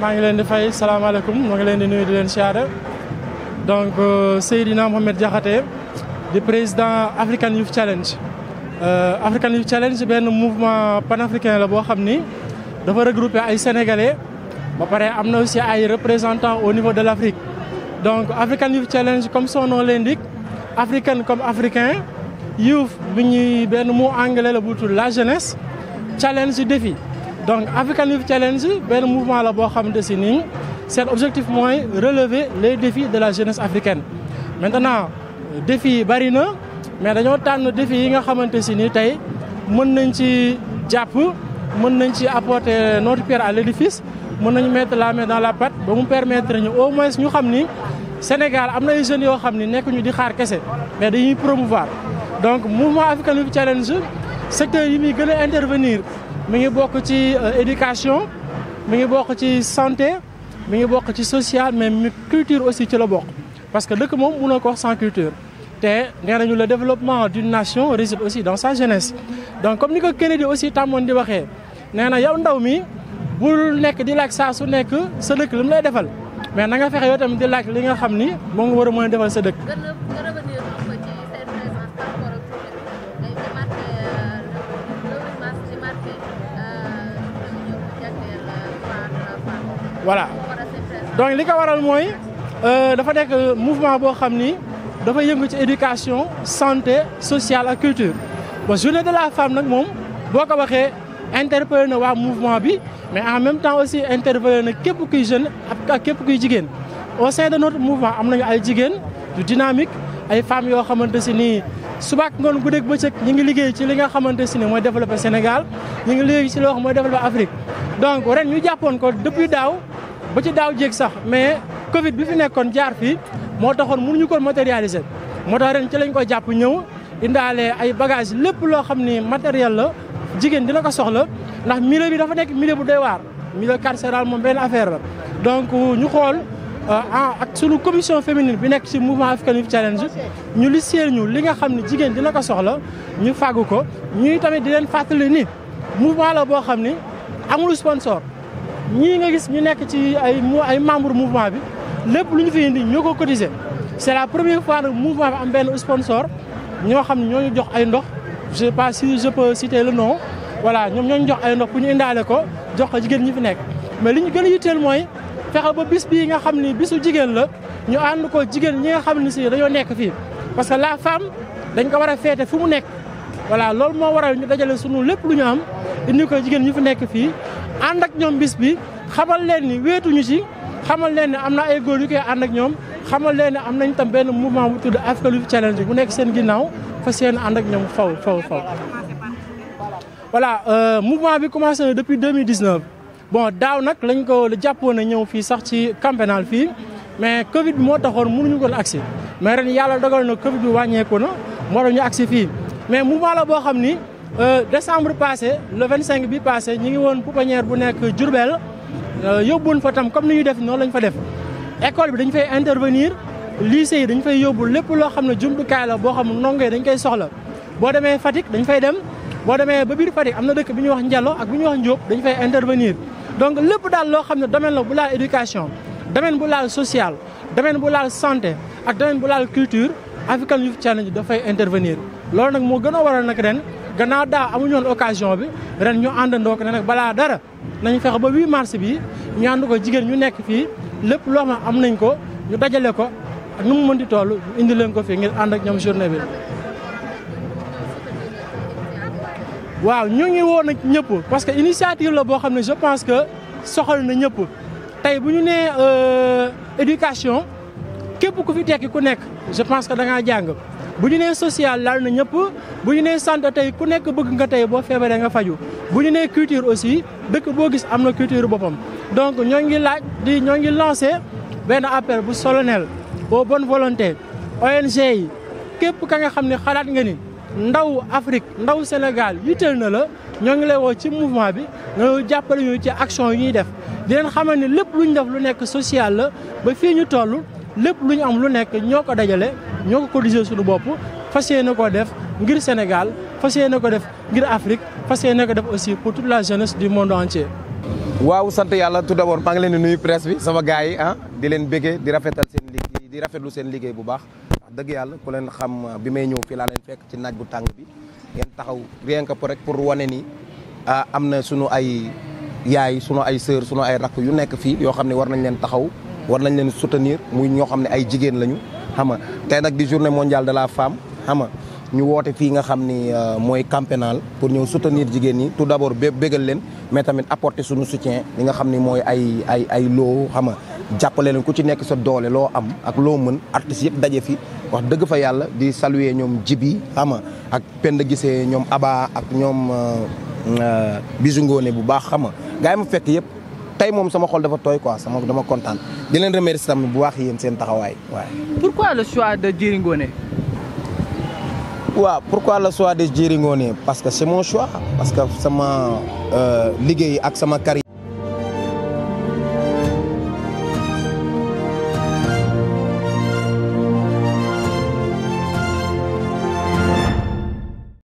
maa ngi leen di fay salaamaaleykum moo ngi leen di nuyu di leen siyaare donc euh, Seydina Mohamed Diakhaté di président African Youth Challenge. Euh, African Youth Challenge benn mouvement panafricain la boo xam ni dafa regrouper ay sénégalais ba pare am na aussi ay représentants au niveau de l' Afrique donc African Youth Challenge comme noo nom l'indique africaine comme africain youth bi ñuy benn mot anglais la bu tudd la jeunesse challenge défi. donc African Youth Challenge benn mouvement la boo xamante si nii seen objectif mooy relever les défis de la jeunesse africaine maintenant défis yi bari na mais dañoo tànn défis yi nga xamante si nii tey mën nañ ci jàpp mën nañ ci apporter notre pierre à l'édifice mën nañu mettre la main dans la pâte ba mu permettre ñu au moins ñu xam ni Sénégal am na ay jeunes yoo xam ni nekkuñu di xaar kese mais dañuy promouvoir donc mouvement African Youth Challenge secteur yi muy gën a intervenir mi ngi bokk ci euh, éducation mi ngi bokk ci santé mi ngi bokk ci social mais mi culture aussi ci la bokk parce que dëkk moom mënoo ko wax sans culture te nee ñu la développement d'une nation réside aussi dans sa jeunesse donc comme ni ko Kennedy aussi tàmmoon di waxee nee na yow ndaw mi bul nekk di laaj saa su nekk sa dëkk li mu lay defal mais na nga fexe yow tamit di laaj li nga xam ni moo nga war a mën defal sa dëkk voilà donc li ko waral mooy euh, dafa nekk mouvement boo xam ni dafa yëngu ci éducation santé sociale ak culture ba journée de la femme nag moom boo ko waxee interpellé na waa mouvement bi mais en même temps aussi interpellé na képp kuy jeune ak képp kuy jigéen au sein de notre mouvement am nañu ay jigéen yu dynamique ay femmes yoo xamante si nii subaak ngoon guddeeg bëccëg ñu ngi liggéey ci li nga xamante si ni mooy développer Sénégal ñi ngi liggéey ci loo xam mooy développer Afrique ñu jàppoon ko depuis daaw ba ci daaw jéeg sax mais Covid bi fi nekkoon jaar fii moo taxoon ñu ko matérialiser moo tax ren ci lañ ko jàpp ñëw indaale ay bagage lépp loo xam ni matériel la jigéen dina ko soxla ndax milieu bi dafa nekk milieu bu doy waar milieu carcéral moom benn affaire la donc ñu xool euh, ak sunu commission féminin bi nekk ci mouvement African Youth Challenge ñu liseel ñu li nga xam ne jigéen dina ko soxla ñu fàggu ko ñuy tamit di leen fàttali ni mouvement la boo xam ni amul sponsor ñii nga gis ñu nekk ci ay ay membre mouvement bi lépp lu ñu fi indi ñoo ko cotisé c'est la première fois nag mouvement bi am benn sponsor ñoo xam ne ñoo ñu jox ay ndox je sais pas si je peux citer le nom voilà ñoom ñoo ñu jox ay ndox pour ñu indaale ko jox ko jigéen ñi fi nekk mais li ñu gën a yitteel mooy fexe ba bis bi nga xam ni bisu jigéen la ñu ànd ko jigéen ñi nga xam ne si dañoo nekk fii parce que la femme dañ ko war a feete fu mu nekk voilà loolu moo waral ñu dajale sunu lépp lu ñu am indi ko jigéen ñi fi nekk fii ànd ak ñoom bis bi xamal leen ni wéetuñu ci xamal leen ne am na ay góor yu koy ànd ñoom xamal leen ne am nañ tam benn mouvement bu tudd Africa Youth Challenge bu nekk seen ginnaaw fa seen ànd ak ñoom faw faw faw voilà euh, mouvement bi commencé na depuis 2019 bon daaw nag lañ ko jàppoon na ñëw fii sax ci Camp fii mais Covid bi moo taxoon mënuñu kon agsi mais ren yàlla dogal na Covid bi wàññeeku na moo tax ñu agsi fii mais mouvement la boo xam ni Euh, décembre passé le cinq bi passé ñi ngi woon pouponnière bu nekk Diourbel euh, yóbbuwoon fa tam comme ni ñu def noonu lañ fa def école bi dañ fay intervenir lycée yi dañ fay yóbbu lépp loo xam ne jumtukaay la boo xam ndongo yi dañ koy soxla boo demee Fatick dañu fay dem boo demee ba biir Fatick am na dëkk bi ñuy wax Ndiallo ak bi ñuy wax Ndiop dañ fay intervenir donc lépp daal loo xam ne domaine la bu laal éducation domaine bu laal social domaine bu laal santé ak domaine bu laal culture African Youth Challenge dafay intervenir loolu nag moo gën a waral nag ren gannaaw daa amuñu woon bi ren ñu àndandoo ko ne nag balaa dara nañu fexe ba 8 mars bi ñu ànd ko jigéen ñu nekk fii lépp loo am nañ ko ñu dajale ko ak nu mu mën di toll ñu indi leen ko fii ngir ànd ak ñoom journée bi. waaw ñu ngi woon nag ñëpp parce que initiative la boo xam ne je pense que soxal na ñëpp tey bu ñu nee euh, éducation képp ku fi tekki ku nekk je pense que da ngaa jàng. bu ñu nee social laal na ñëpp bu ñu nee santé tey ku nekk bëgg nga tey boo feebaree nga faju bu ñu nee culture aussi dëkk boo gis am na culture boppam donc ñoo ngi laaj di ñoo ngi lancé benn appel bu solennel aux bonnes volontés ONG yi képp ka nga xam ne xalaat nga ni ndaw Afrique ndaw Sénégal yitteel na la ñoo ngi lay woo ci mouvement bi nga jàppale ñu ci action yi ñuy def di leen xamal ne lépp lu ñu def lu nekk social la ba fii ñu toll lépp lu ñu am lu nekk ñoo ko dajale ñoo ko cotiser suñu bopp fas yéene koo def ngir Sénégal fas yéene ko def ngir Afrique fas yéene ko def aussi pour toute la jeunesse du monde entier. waaw sant yàlla tout d'abord maa ngi leen di nuyu presse bi sama gars yi ah di leen béggee di rafetal seen liggéey di rafetlu seen liggéey bu baax dëgg yàlla ku leen xam ah, bi may ñëw fii laa leen fekk ci naaj bu tàng bi ngeen taxaw rien que pour rek pour wane ni ah, am na sunu ay yaay sunu ay sœur sunu ay rakk yu nekk fii yoo xam ne war nañ leen taxaw. war nañ leen soutenir muy ñoo xam ne ay jigéen lañu xam nga tey nag di journée mondiale de la femme xam ñu woote fii nga xam ni euh, mooy camp pour ñëw soutenir jigéen ñi tout d'abord bégal leen mais tamit apporter suñu soutien li nga xam ni mooy ay ay ay loo xam nga jàppale leen ku ci nekk sa doole loo am ak loo mën artistes yëpp daje fi wax dëgg fa yàlla di saluer ñoom jibi xam nga ak Penda Gisee ñoom Aba ak ñoom euh, euh, bisu ngoone bu baax xama nga gars fekk yëpp. tey moom sama xol dafa tooy quoi sama dama kontaan di leen remercier tamit bu baax yéen seen taxawaay waaye. pourquoi le choix de Diery Ngoné. pour pourquoi le choix de Diery Ngoné parce que c'est mon choix parce que sama euh, liggéey ak sama carrière.